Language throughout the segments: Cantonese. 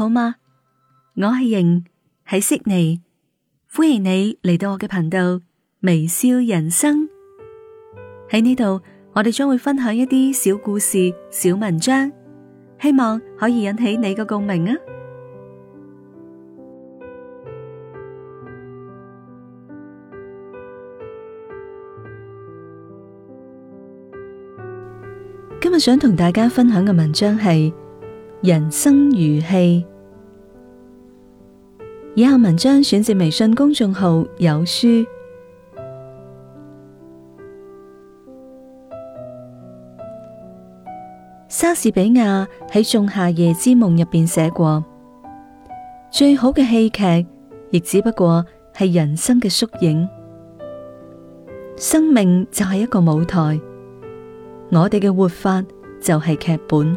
好嗎？我係瑩，喺悉尼，歡迎你嚟到我嘅頻道微笑人生。喺呢度，我哋將會分享一啲小故事、小文章，希望可以引起你嘅共鳴啊！今日想同大家分享嘅文章係人生如戲。以下文章選自微信公眾號有書。莎士比亞喺《仲夏夜之夢》入邊寫過，最好嘅戲劇亦只不過係人生嘅縮影。生命就係一個舞台，我哋嘅活法就係劇本。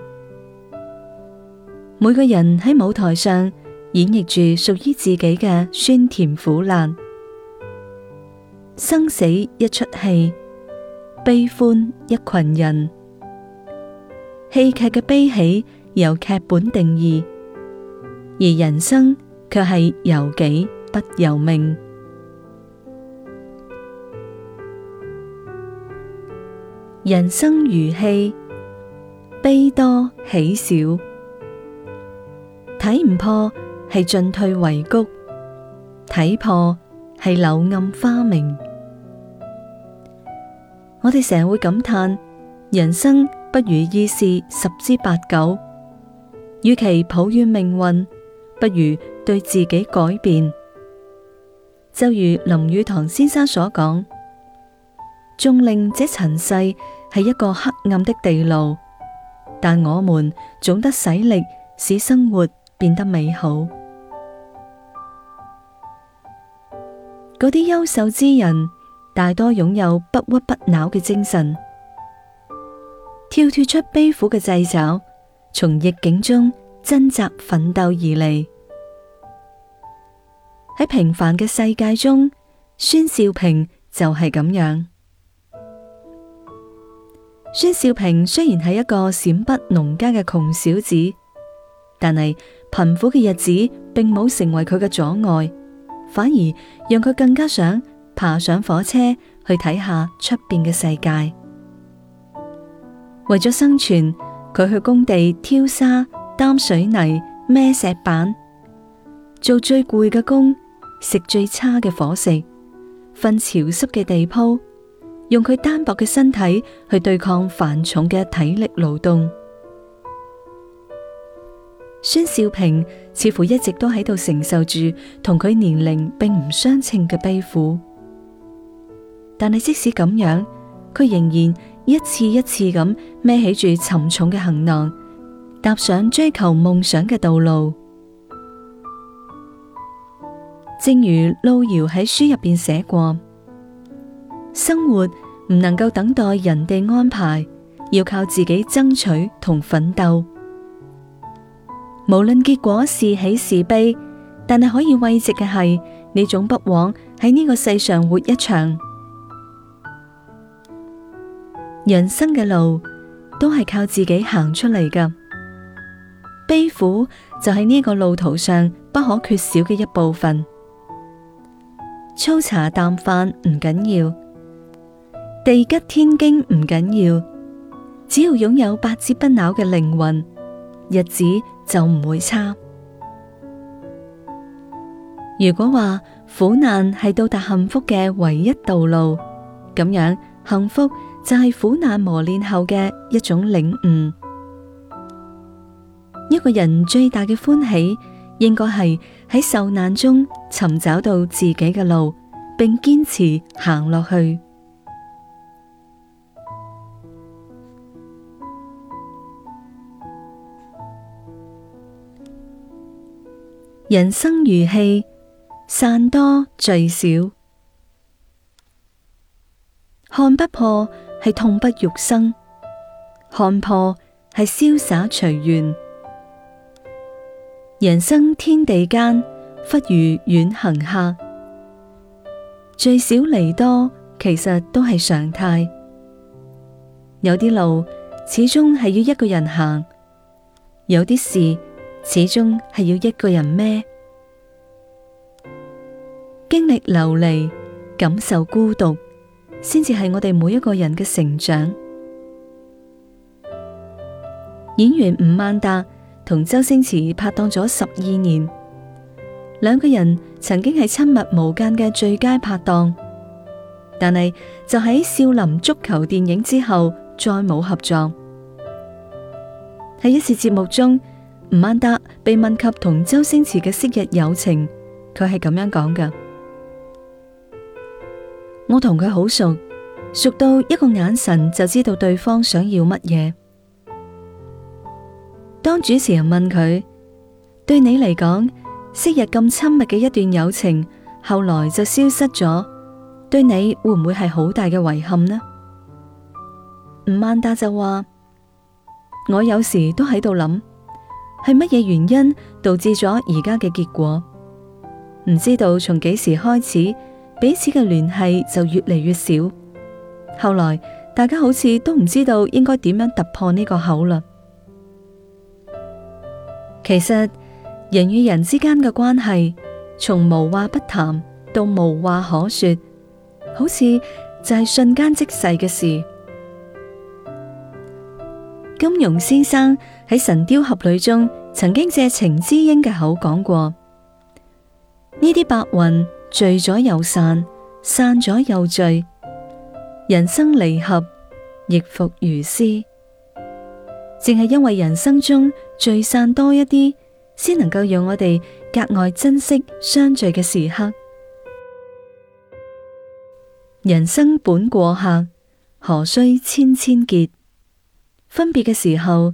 每個人喺舞台上。演繹住屬於自己嘅酸甜苦辣，生死一出戲，悲歡一群人，戲劇嘅悲喜由劇本定義，而人生卻係由己不由命。人生如戲，悲多喜少，睇唔破。係進退維谷，睇破係柳暗花明。我哋成日會感嘆，人生不如意事十之八九，與其抱怨命運，不如對自己改變。就如林語堂先生所講，縱令這塵世係一個黑暗的地牢，但我們總得使力使生活變得美好。嗰啲優秀之人，大多擁有不屈不撓嘅精神，跳脱出悲苦嘅掣肘，從逆境中掙扎奮鬥而嚟。喺平凡嘅世界中，孫少平就係咁樣。孫少平雖然係一個陝北農家嘅窮小子，但係貧苦嘅日子並冇成為佢嘅阻礙。反而讓佢更加想爬上火車去睇下出面嘅世界。為咗生存，佢去工地挑沙、擔水泥、孭石板，做最攰嘅工，食最差嘅伙食，瞓潮濕嘅地鋪，用佢單薄嘅身體去對抗繁重嘅體力勞動。孫少平似乎一直都喺度承受住同佢年齡並唔相稱嘅悲苦，但係即使咁樣，佢仍然一次一次咁孭起住沉重嘅行囊，踏上追求夢想嘅道路。正如路遙喺書入邊寫過：生活唔能夠等待人哋安排，要靠自己爭取同奮鬥。無論結果是喜是悲，但係可以慰藉嘅係，你總不枉喺呢個世上活一場。人生嘅路都係靠自己行出嚟㗎，悲苦就係呢個路途上不可缺少嘅一部分。粗茶淡飯唔緊要，地吉天經唔緊要，只要擁有百折不撓嘅靈魂，日子。就唔會差。如果話苦難係到達幸福嘅唯一道路，咁樣幸福就係苦難磨練後嘅一種領悟。一個人最大嘅歡喜，應該係喺受難中尋找到自己嘅路，並堅持行落去。人生如戲，散多聚少，看不破係痛不欲生，看破係瀟灑隨緣。人生天地間，忽如遠行客。聚少離多，其實都係常態。有啲路始終係要一個人行，有啲事。始終係要一個人孭，經歷流離，感受孤獨，先至係我哋每一個人嘅成長。演員吳孟達同周星馳拍檔咗十二年，兩個人曾經係親密無間嘅最佳拍檔，但係就喺《少林足球》電影之後再冇合作。喺一次節目中。吳孟達被問及同周星馳嘅昔日友情，佢係咁樣講噶：我同佢好熟，熟到一個眼神就知道對方想要乜嘢。當主持人問佢：對你嚟講，昔日咁親密嘅一段友情，後來就消失咗，對你會唔會係好大嘅遺憾呢？吳孟達就話：我有時都喺度諗。係乜嘢原因導致咗而家嘅結果？唔知道從幾時開始，彼此嘅聯繫就越嚟越少。後來大家好似都唔知道應該點樣突破呢個口啦。其實人與人之間嘅關係，從無話不談到無話可說，好似就係瞬間即逝嘅事。金庸先生。喺《神鵰俠侶》中，曾經借程之英嘅口講過：呢啲白雲聚咗又散，散咗又聚，人生離合亦復如斯。正係因為人生中聚散多一啲，先能夠讓我哋格外珍惜相聚嘅時刻。人生本過客，何須千千結？分別嘅時候。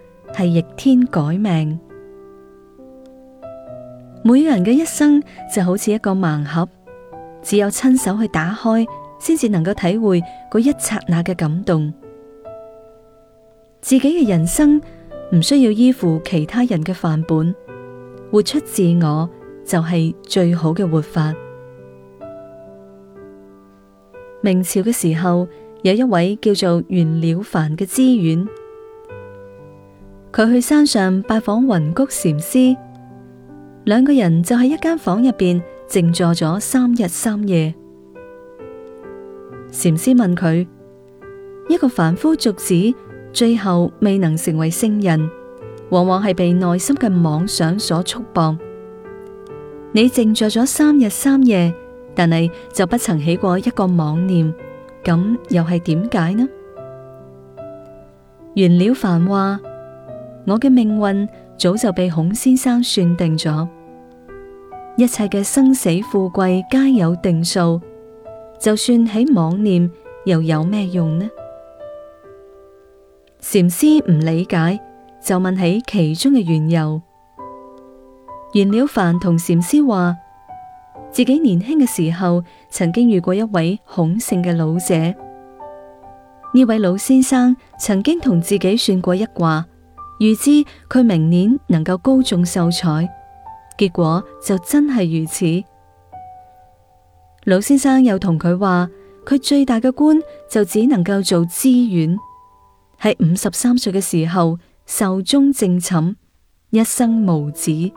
係逆天改命，每人嘅一生就好似一個盲盒，只有親手去打開，先至能夠體會嗰一剎那嘅感動。自己嘅人生唔需要依附其他人嘅範本，活出自我就係最好嘅活法。明朝嘅時候，有一位叫做袁了凡嘅知縣。佢去山上拜訪雲谷禪師，兩個人就喺一間房入邊靜坐咗三日三夜。禪師問佢：一個凡夫俗子最後未能成為聖人，往往係被內心嘅妄想所束縛。你靜坐咗三日三夜，但係就不曾起過一個妄念，咁又係點解呢？袁了凡話。我嘅命運早就被孔先生算定咗，一切嘅生死富貴，皆有定數。就算喺妄念，又有咩用呢？禪師唔理解，就問起其中嘅緣由。袁了凡同禪師話，自己年輕嘅時候曾經遇過一位孔姓嘅老者，呢位老先生曾經同自己算過一卦。預知佢明年能夠高中秀才，結果就真係如此。老先生又同佢話：佢最大嘅官就只能夠做知縣，喺五十三歲嘅時候壽終正寢，一生無子。禪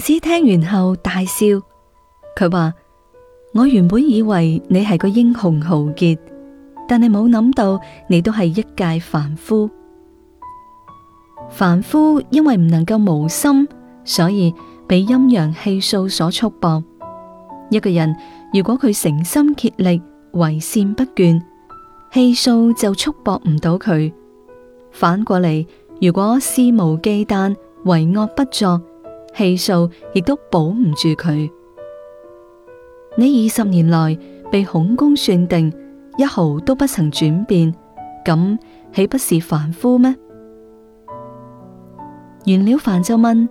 師聽完後大笑，佢話：我原本以為你係個英雄豪傑。但係冇諗到，你都係一介凡夫。凡夫因為唔能夠無心，所以被陰陽氣數所束縛。一個人如果佢誠心竭力，為善不倦，氣數就束縛唔到佢。反過嚟，如果肆無忌憚，為惡不作，氣數亦都保唔住佢。你二十年來被孔公算定，一毫都不曾轉變，咁豈不是凡夫咩？袁了凡就問，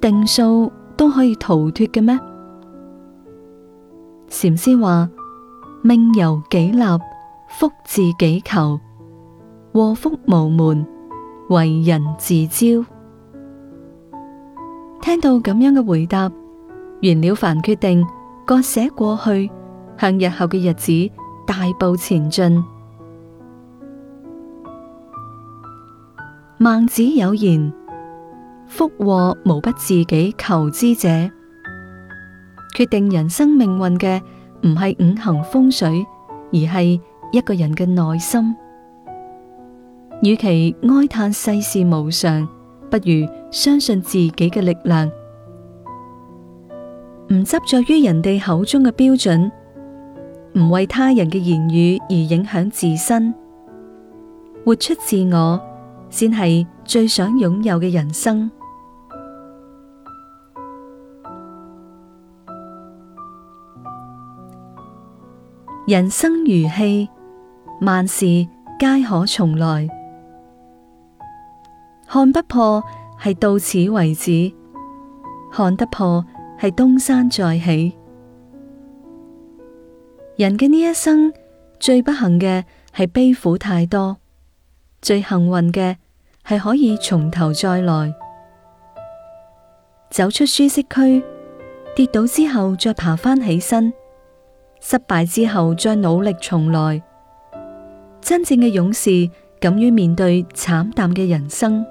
定數都可以逃脫嘅咩？禪師話，命由己立，福自己求，禍福無門，為人自招。聽到咁樣嘅回答，袁了凡決定割捨過去，向日後嘅日子大步前進。孟子有言：福禍無不自己求之者。決定人生命運嘅唔係五行風水，而係一個人嘅內心。與其哀嘆世事無常，不如相信自己嘅力量。唔執着於人哋口中嘅標準。唔為他人嘅言語而影響自身，活出自我先係最想擁有嘅人生。人生如戲，萬事皆可重來。看不破係到此為止，看得破係東山再起。人嘅呢一生最不幸嘅係悲苦太多，最幸運嘅係可以從頭再來，走出舒適區，跌倒之後再爬翻起身，失敗之後再努力重來。真正嘅勇士，敢於面對慘淡嘅人生。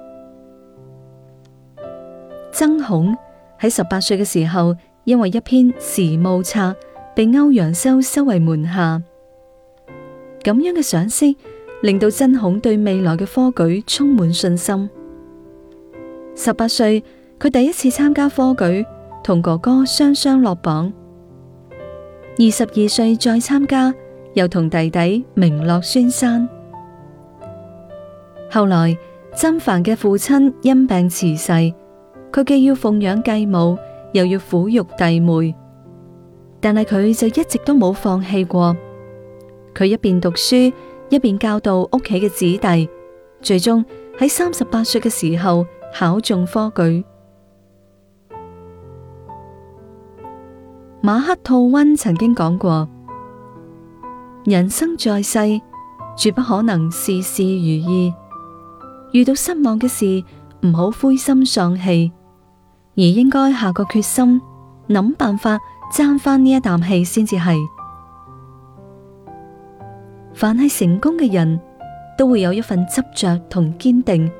曾孔喺十八歲嘅時候，因為一篇時務策。被歐陽修收為門下，咁樣嘅賞識令到曾鞏對未來嘅科舉充滿信心。十八歲，佢第一次參加科舉，同哥哥雙雙落榜；二十二歲再參加，又同弟弟名落孫山。後來曾鞏嘅父親因病辭世，佢既要奉養繼母，又要撫育弟妹。但係佢就一直都冇放棄過，佢一邊讀書，一邊教導屋企嘅子弟，最終喺三十八歲嘅時候考中科舉。馬克吐溫曾經講過：人生在世，絕不可能事事如意，遇到失望嘅事，唔好灰心喪氣，而應該下個決心，諗辦法。爭返呢一啖氣先至係。凡係成功嘅人都會有一份執着同堅定，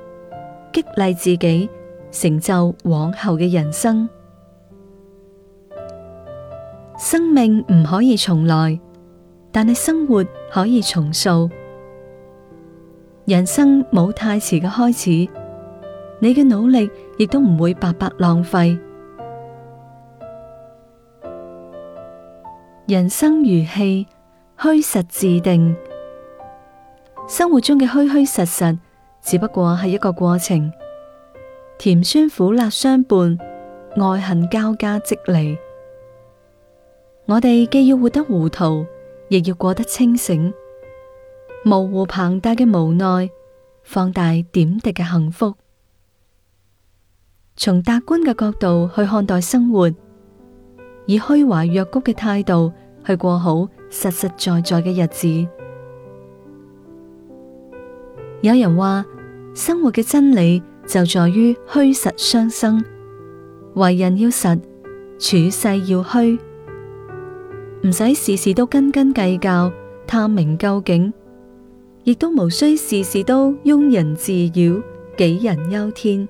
激勵自己成就往後嘅人生。生命唔可以重來，但係生活可以重塑。人生冇太遲嘅開始，你嘅努力亦都唔會白白浪費。人生如戲，虛實自定。生活中嘅虛虛實實，只不過係一個過程，甜酸苦辣相伴，愛恨交加即離。我哋既要活得糊塗，亦要過得清醒。模糊龐大嘅無奈，放大點滴嘅幸福。從達觀嘅角度去看待生活。以虛懷若谷嘅態度，去過好實實在在嘅日子。有人話，生活嘅真理就在於虛實相生，為人要實，處世要虛，唔使事事都斤斤計較，探明究竟，亦都無需事事都庸人自擾，杞人憂天。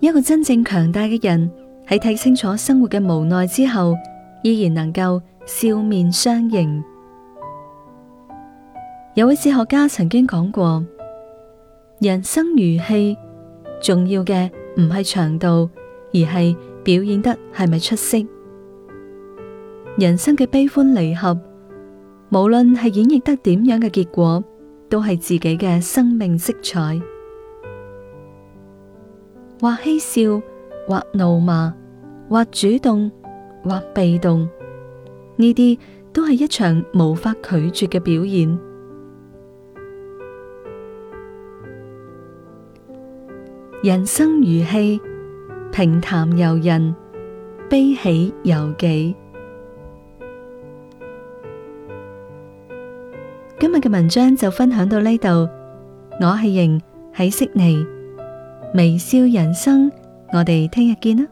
一個真正強大嘅人。喺睇清楚生活嘅無奈之後，依然能夠笑面相迎。有位哲學家曾經講過：人生如戲，重要嘅唔係長度，而係表演得係咪出色。人生嘅悲歡離合，無論係演繹得點樣嘅結果，都係自己嘅生命色彩。或嬉笑，或怒罵。或主動，或被動，呢啲都係一場無法拒絕嘅表演。人生如戲，平淡由人，悲喜由己。今日嘅文章就分享到呢度，我係瑩，喺悉尼微笑人生，我哋聽日見啦。